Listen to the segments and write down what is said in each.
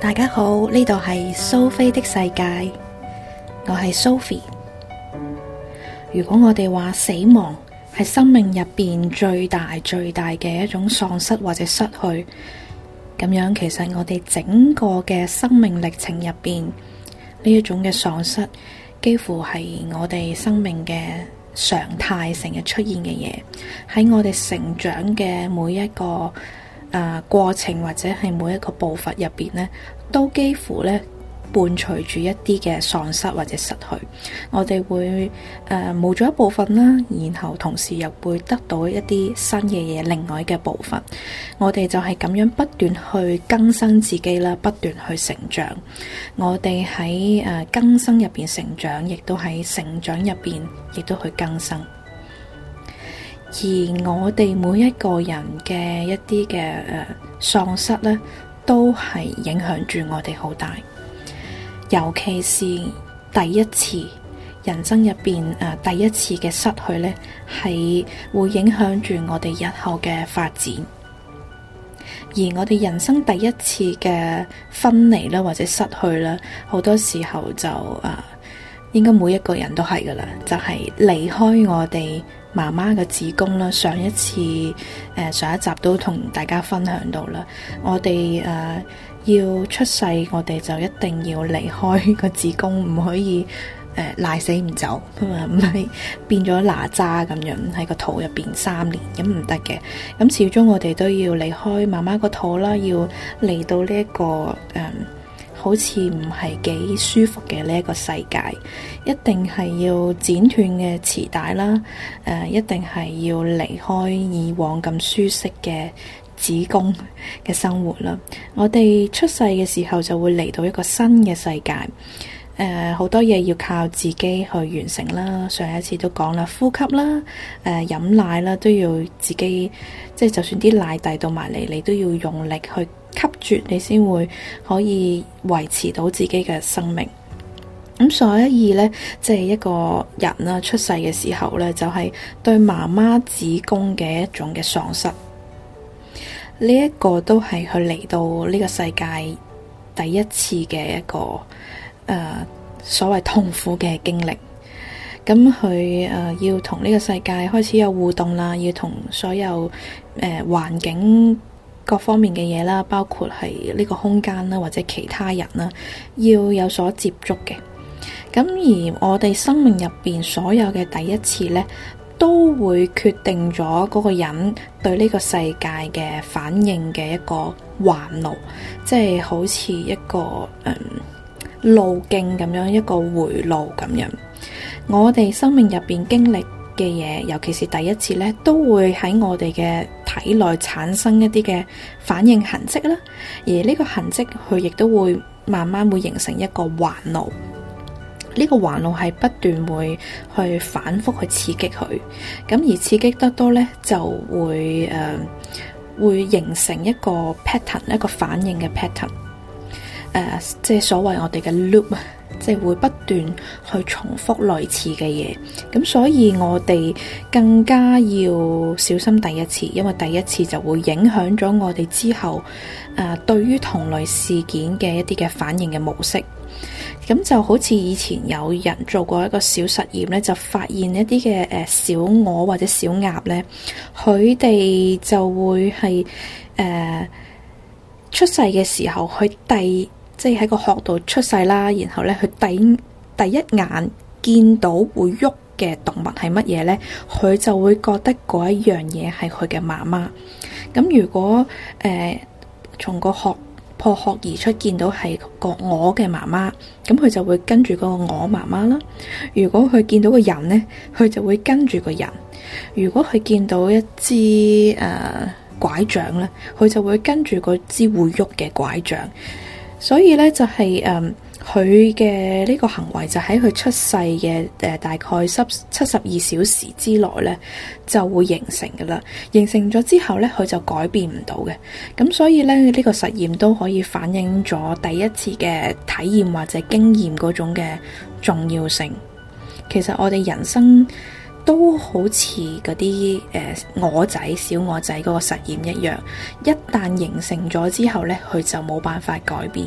大家好，呢度係蘇菲的世界，我係蘇菲。如果我哋話死亡係生命入邊最大最大嘅一種喪失或者失去，咁樣其實我哋整個嘅生命歷程入邊呢一種嘅喪失，幾乎係我哋生命嘅常態成日出現嘅嘢，喺我哋成長嘅每一個。誒、啊，過程或者係每一個步伐入邊呢，都幾乎呢伴隨住一啲嘅喪失或者失去，我哋會誒冇咗一部分啦，然後同時又會得到一啲新嘅嘢，另外嘅部分，我哋就係咁樣不斷去更新自己啦，不斷去成長，我哋喺誒更新入邊成長，亦都喺成長入邊亦都去更新。而我哋每一個人嘅一啲嘅誒喪失咧，都係影響住我哋好大。尤其是第一次人生入面誒第一次嘅失去咧，係會影響住我哋日後嘅發展。而我哋人生第一次嘅分離啦，或者失去啦，好多時候就誒，uh, 應該每一個人都係㗎喇，就係離開我哋。媽媽嘅子宮啦，上一次誒、呃、上一集都同大家分享到啦。我哋誒、呃、要出世，我哋就一定要離開個子宮，唔可以誒賴、呃、死唔走，唔、呃、係變咗哪吒咁樣喺個肚入邊三年，咁唔得嘅。咁、嗯、始終我哋都要離開媽媽個肚啦，要嚟到呢一個誒、呃好似唔係幾舒服嘅呢一個世界，一定係要剪斷嘅臍帶啦，誒、呃，一定係要離開以往咁舒適嘅子宮嘅生活啦。我哋出世嘅時候就會嚟到一個新嘅世界。誒，好、uh，多嘢要靠自己去完成啦。上一次都講啦，呼吸啦，誒、呃，飲奶啦，都要自己，即、就、係、是、就算啲奶遞到埋嚟，你都要用力去吸住，你先會可以維持到自己嘅生命。咁、嗯、所以呢，即、就、係、是、一個人啊出世嘅時候呢，就係、是、對媽媽子宮嘅一種嘅喪失。呢、這、一個都係佢嚟到呢個世界第一次嘅一個。誒，所謂痛苦嘅經歷，咁佢誒要同呢個世界開始有互動啦，要同所有誒、呃、環境各方面嘅嘢啦，包括係呢個空間啦，或者其他人啦，要有所接觸嘅。咁而我哋生命入邊所有嘅第一次呢，都會決定咗嗰個人對呢個世界嘅反應嘅一個環路，即係好似一個嗯。路徑咁樣一個回路咁樣，我哋生命入邊經歷嘅嘢，尤其是第一次呢，都會喺我哋嘅體內產生一啲嘅反應痕迹啦。而呢個痕迹，佢亦都會慢慢會形成一個環路。呢個環路係不斷會去反覆去刺激佢，咁而刺激得多呢，就會誒、呃、會形成一個 pattern，一個反應嘅 pattern。誒、呃，即係所謂我哋嘅 loop，即係會不斷去重複類似嘅嘢，咁所以我哋更加要小心第一次，因為第一次就會影響咗我哋之後誒、呃、對於同類事件嘅一啲嘅反應嘅模式。咁就好似以前有人做過一個小實驗呢，就發現一啲嘅誒小鵝或者小鴨呢，佢哋就會係誒、呃、出世嘅時候佢第。即係喺個殼度出世啦，然後咧佢第第一眼見到會喐嘅動物係乜嘢咧？佢就會覺得嗰一樣嘢係佢嘅媽媽。咁如果誒從、呃、個殼破殼而出見到係個鵝嘅媽媽，咁佢就會跟住個鵝媽媽啦。如果佢見到個人咧，佢就會跟住個人。如果佢見到一支誒、呃、拐杖咧，佢就會跟住個支會喐嘅拐杖。所以咧，就係誒佢嘅呢個行為就喺佢出世嘅誒大概七七十二小時之內咧，就會形成㗎喇，形成咗之後咧，佢就改變唔到嘅。咁所以咧呢、呢個實驗都可以反映咗第一次嘅體驗或者經驗嗰種嘅重要性。其實我哋人生，都好似嗰啲誒鵝仔，小鵝仔嗰個實驗一樣，一旦形成咗之後呢，佢就冇辦法改變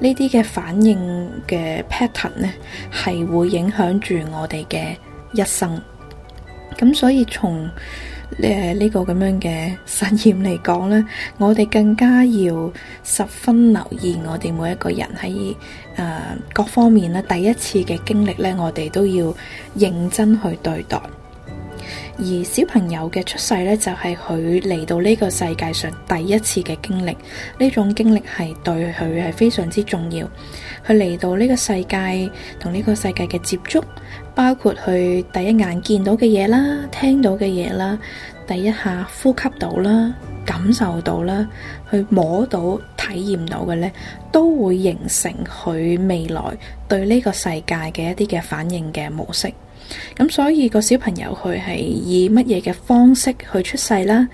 呢啲嘅反應嘅 pattern 呢，係會影響住我哋嘅一生。咁所以從呢、呃這個咁樣嘅實驗嚟講咧，我哋更加要十分留意我哋每一個人喺誒、呃、各方面咧，第一次嘅經歷咧，我哋都要認真去對待。而小朋友嘅出世呢，就係佢嚟到呢個世界上第一次嘅經歷，呢種經歷係對佢係非常之重要。佢嚟到呢個世界，同呢個世界嘅接觸，包括佢第一眼見到嘅嘢啦，聽到嘅嘢啦，第一下呼吸到啦，感受到啦。去摸到、體驗到嘅呢，都會形成佢未來對呢個世界嘅一啲嘅反應嘅模式。咁所以個小朋友佢係以乜嘢嘅方式去出世啦，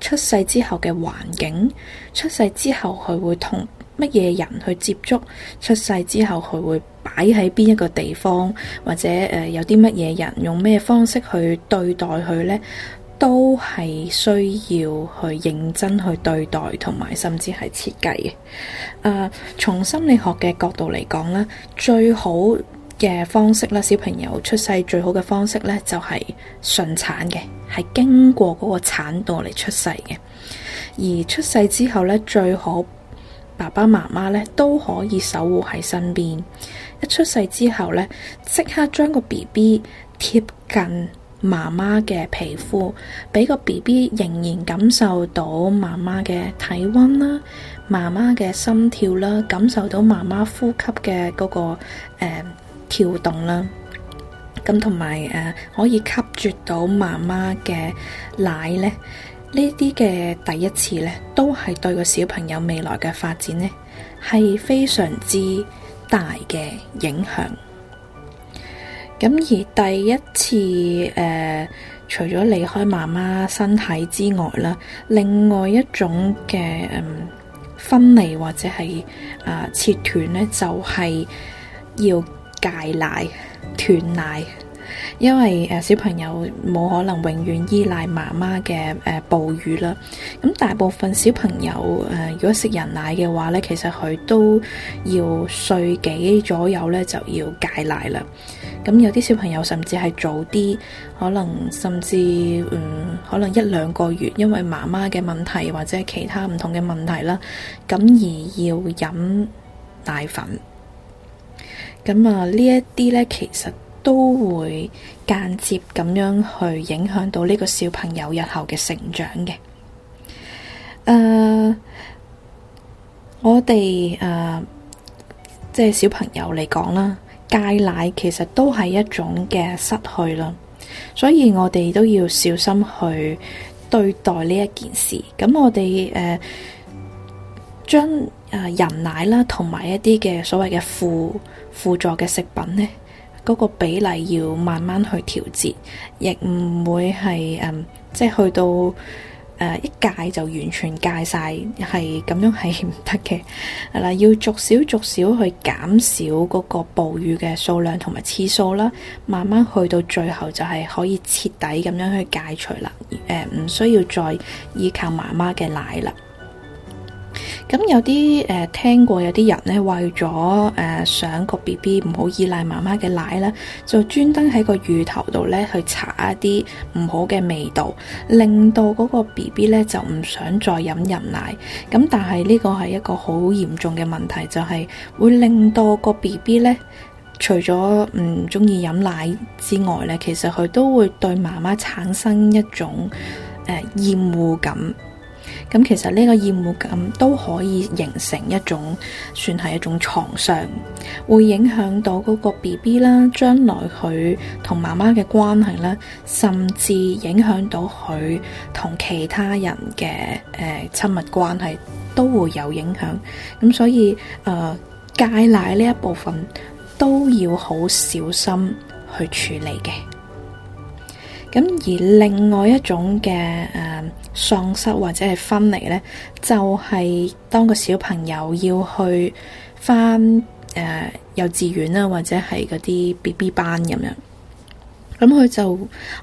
出世之後嘅環境，出世之後佢會同乜嘢人去接觸？出世之後佢會擺喺邊一個地方，或者誒有啲乜嘢人用咩方式去對待佢呢？都係需要去認真去對待，同埋甚至係設計嘅。從、uh, 心理學嘅角度嚟講咧，最好嘅方式咧，小朋友出世最好嘅方式呢就係順產嘅，係經過嗰個產道嚟出世嘅。而出世之後呢，最好爸爸媽媽呢都可以守護喺身邊。一出世之後呢，即刻將個 BB 貼近媽媽嘅皮膚，俾個 B B 仍然感受到媽媽嘅體温啦，媽媽嘅心跳啦，感受到媽媽呼吸嘅嗰個誒跳動啦，咁同埋誒可以吸啜到媽媽嘅奶呢，呢啲嘅第一次呢，都係對個小朋友未來嘅發展呢，係非常之大嘅影響。咁而第一次誒、呃，除咗離開媽媽身體之外啦，另外一種嘅、嗯、分離或者係啊、呃、切斷呢，就係、是、要戒奶斷奶，因為誒、呃、小朋友冇可能永遠依賴媽媽嘅誒哺乳啦。咁、呃呃、大部分小朋友誒、呃，如果食人奶嘅話呢，其實佢都要歲幾左右呢，就要戒奶啦。咁有啲小朋友甚至係早啲，可能甚至嗯，可能一兩個月，因為媽媽嘅問題或者其他唔同嘅問題啦，咁而要飲奶粉。咁啊，呢一啲呢，其實都會間接咁樣去影響到呢個小朋友日後嘅成長嘅。誒，uh，我哋誒，即係小朋友嚟講啦。戒奶其實都係一種嘅失去啦，所以我哋都要小心去對待呢一件事。咁我哋誒、呃，將誒、呃、人奶啦，同埋一啲嘅所謂嘅附輔助嘅食品呢，嗰、那個比例要慢慢去調節，亦唔會係誒、呃，即係去到。誒，一戒就完全戒晒，係咁樣係唔得嘅，係啦，要逐少逐少去減少嗰個哺乳嘅數量同埋次數啦，慢慢去到最後就係可以徹底咁樣去解除啦，誒、呃，唔需要再依靠媽媽嘅奶啦。咁有啲誒、呃、聽過有啲人咧，為咗誒、呃、想個 B B 唔好依賴媽媽嘅奶咧，就專登喺個乳頭度咧去搽一啲唔好嘅味道，令到嗰個 B B 咧就唔想再飲人奶。咁但係呢個係一個好嚴重嘅問題，就係、是、會令到個 B B 咧，除咗唔中意飲奶之外咧，其實佢都會對媽媽產生一種誒厭、呃、惡感。咁其實呢個厭惡感都可以形成一種，算係一種創傷，會影響到嗰個 BB 啦，將來佢同媽媽嘅關係啦，甚至影響到佢同其他人嘅誒親密關係都會有影響。咁所以誒、呃、戒奶呢一部分都要好小心去處理嘅。咁而另外一種嘅誒喪失或者係分離呢，就係、是、當個小朋友要去翻誒、呃、幼稚園啦，或者係嗰啲 BB 班咁樣。咁佢就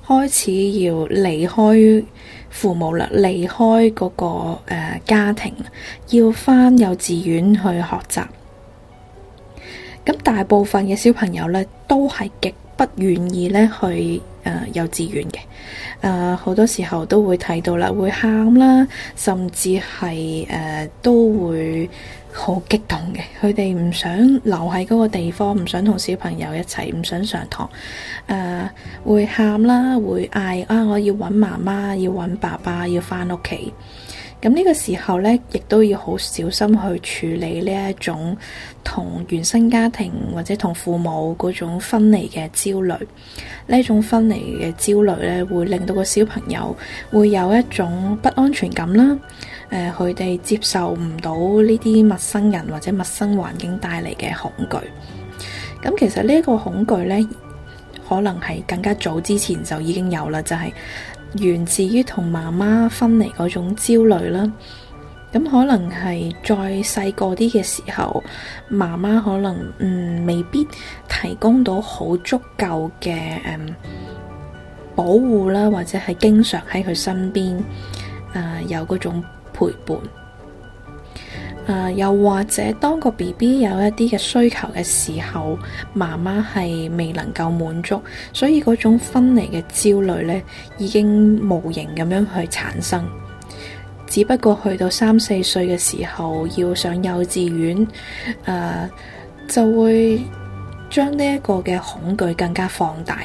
開始要離開父母啦，離開嗰、那個誒、呃、家庭，要翻幼稚園去學習。咁大部分嘅小朋友呢，都係極。不願意咧去誒、呃、幼稚園嘅，誒、呃、好多時候都會睇到啦，會喊啦，甚至係誒、呃、都會好激動嘅。佢哋唔想留喺嗰個地方，唔想同小朋友一齊，唔想上堂，誒、呃、會，會喊啦，會嗌啊！我要搵媽媽，要搵爸爸，要返屋企。咁呢個時候咧，亦都要好小心去處理呢一種同原生家庭或者同父母嗰種分離嘅焦慮。呢種分離嘅焦慮咧，會令到個小朋友會有一種不安全感啦。誒、呃，佢哋接受唔到呢啲陌生人或者陌生環境帶嚟嘅恐懼。咁、嗯、其實呢一個恐懼咧，可能係更加早之前就已經有啦，就係、是。源自於同媽媽分離嗰種焦慮啦，咁可能係再細個啲嘅時候，媽媽可能嗯未必提供到好足夠嘅誒保護啦，或者係經常喺佢身邊誒、呃、有嗰種陪伴。啊、呃，又或者當個 B B 有一啲嘅需求嘅時候，媽媽係未能夠滿足，所以嗰種分離嘅焦慮呢已經無形咁樣去產生。只不過去到三四歲嘅時候，要上幼稚園，誒、呃、就會。將呢一個嘅恐懼更加放大，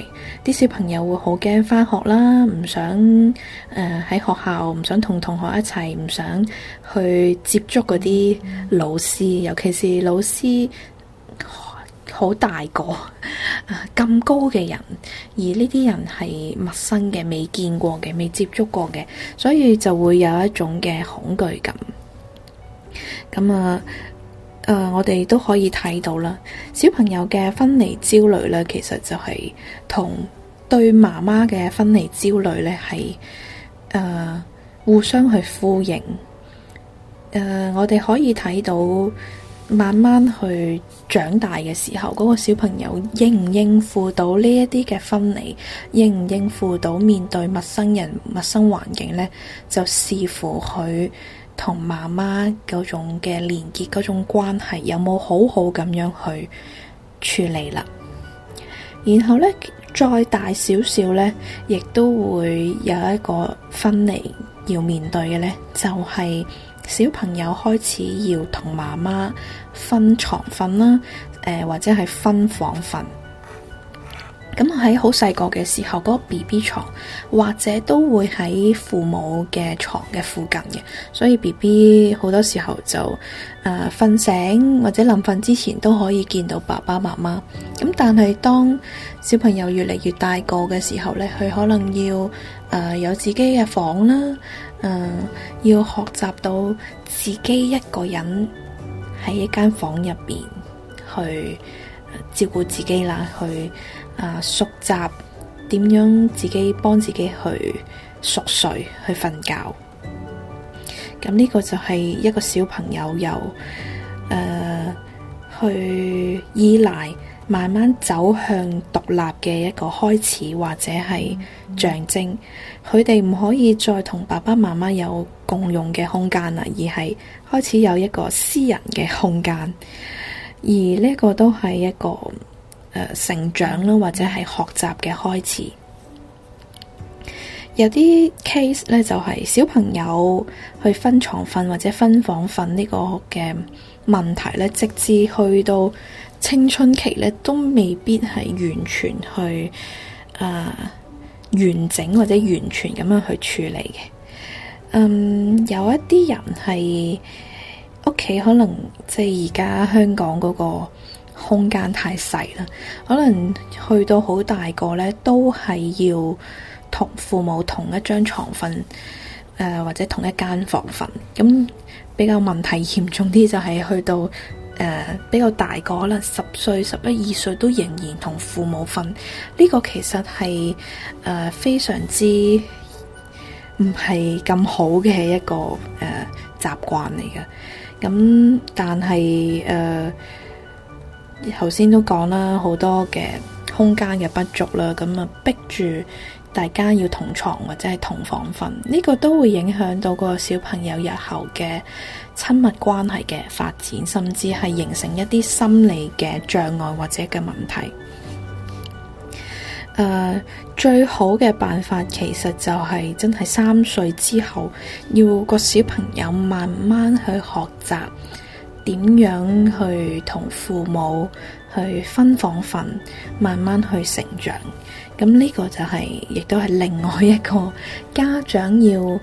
啲小朋友會好驚返學啦，唔想誒喺、呃、學校唔想同同學一齊，唔想去接觸嗰啲老師，尤其是老師好大個啊咁高嘅人，而呢啲人係陌生嘅、未見過嘅、未接觸過嘅，所以就會有一種嘅恐懼感。咁啊～誒，uh, 我哋都可以睇到啦，小朋友嘅分離焦慮咧，其實就係同對媽媽嘅分離焦慮咧係誒互相去呼應。誒，uh，我哋可以睇到慢慢去長大嘅時候，嗰個小朋友應唔應付到呢一啲嘅分離，應唔應付到面對陌生人、陌生環境呢，就視乎佢。同媽媽嗰種嘅連結嗰種關係有冇好好咁樣去處理啦？然後咧再大少少咧，亦都會有一個分離要面對嘅咧，就係、是、小朋友開始要同媽媽分床瞓啦，誒、呃、或者係分房瞓。咁喺好細個嘅時候，嗰個 B B 床或者都會喺父母嘅床嘅附近嘅，所以 B B 好多時候就誒瞓醒或者臨瞓之前都可以見到爸爸媽媽。咁但係當小朋友越嚟越大個嘅時候呢，佢可能要誒有自己嘅房啦，誒要學習到自己一個人喺一間房入邊去。照顧自己啦，去啊，熟習點樣自己幫自己去熟睡去瞓覺。咁呢個就係一個小朋友由誒、呃、去依賴，慢慢走向獨立嘅一個開始，或者係象徵。佢哋唔可以再同爸爸媽媽有共用嘅空間啦，而係開始有一個私人嘅空間。而呢個都係一個誒、呃、成長啦，或者係學習嘅開始。有啲 case 呢，就係、是、小朋友去分床瞓或者分房瞓呢個嘅問題呢，直至去到青春期呢，都未必係完全去誒、呃、完整或者完全咁樣去處理嘅。嗯，有一啲人係。屋企可能即係而家香港嗰個空間太細啦，可能去到好大個咧，都係要同父母同一張床瞓，誒、呃、或者同一間房瞓。咁比較問題嚴重啲就係去到誒、呃、比較大個，可能十歲、十一二歲都仍然同父母瞓，呢、這個其實係誒、呃、非常之唔係咁好嘅一個誒習慣嚟嘅。呃咁、嗯，但係誒，頭、呃、先都講啦，好多嘅空間嘅不足啦，咁啊逼住大家要同床或者係同房瞓，呢、這個都會影響到個小朋友日後嘅親密關係嘅發展，甚至係形成一啲心理嘅障礙或者嘅問題。誒，uh, 最好嘅辦法其實就係、是、真係三歲之後，要個小朋友慢慢去學習點樣去同父母去分房瞓，慢慢去成長。咁呢個就係、是、亦都係另外一個家長要，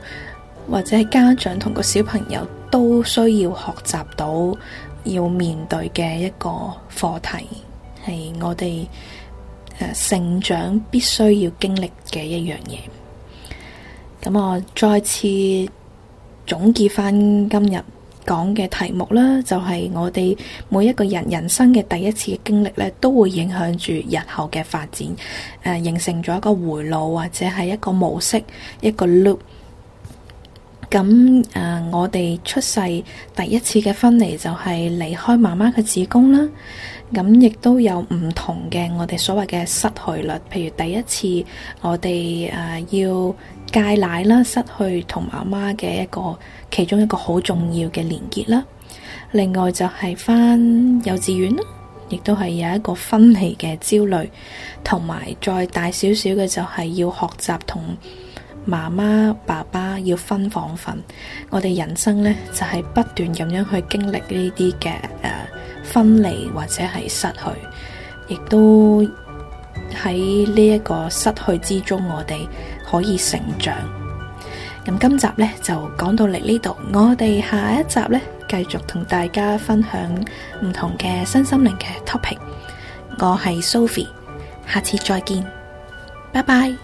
或者家長同個小朋友都需要學習到要面對嘅一個課題，係我哋。成長必須要經歷嘅一樣嘢，咁我再次總結返今日講嘅題目啦，就係、是、我哋每一個人人生嘅第一次嘅經歷咧，都會影響住日後嘅發展，誒、呃，形成咗一個回路或者係一個模式，一個 loop。咁誒、呃，我哋出世第一次嘅分離就係離開媽媽嘅子宮啦。咁亦都有唔同嘅我哋所謂嘅失去率，譬如第一次我哋誒、呃、要戒奶啦，失去同媽媽嘅一個其中一個好重要嘅連結啦。另外就係返幼稚園啦，亦都係有一個分離嘅焦慮，同埋再大少少嘅就係要學習同。媽媽、爸爸要分房瞓，我哋人生呢就係不斷咁樣去經歷呢啲嘅誒分離或者係失去，亦都喺呢一個失去之中，我哋可以成長。咁今集呢就講到嚟呢度，我哋下一集呢繼續同大家分享唔同嘅身心靈嘅 topic。我係 Sophie，下次再見，拜拜。